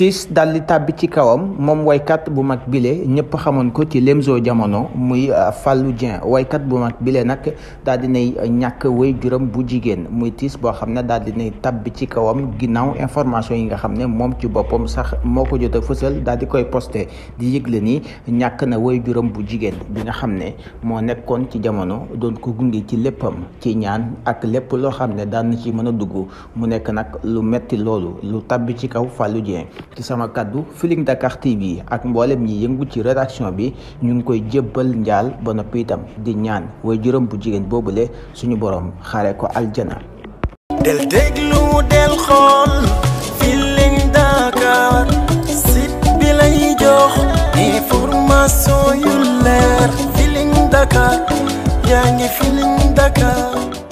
tiis dal di tàbbi ci kawam moom waykat bu mag bile ñëpp xamoon ko ci Lemzo jamono muy euh, Fallou Dieng waykat bu mag bile nag daal di nay ñàkk way juram bu jigéen muy tiis boo xam ne daal di nay tàbbi ci kawam ginnaaw information yi nga xam ne moom ci boppam sax moo ko jot a fësal daal di koy posté di yëg yëgle ni ñàkk na way juram bu jigéen bi nga xam ne moo nekkoon ci jamono doon ko gunge ci léppam ci ñaan ak lépp loo xam ne daan na ci mën a dugg mu nekk nag lu metti loolu lu tàbbi ci kaw Fallou Dieng ci sama kàddu Feeling Dakar TV ak mboolem yi yëngu ci rédaction bi ñu ngi koy jëbbal njaal ba noppi itam di ñaan way juróom bu jigéen boobule suñu boroom xare ko aljana del déglu del xool Feeling Dakar site bi lay jox information yu leer Feeling Dakar yaa ngi Feeling Dakar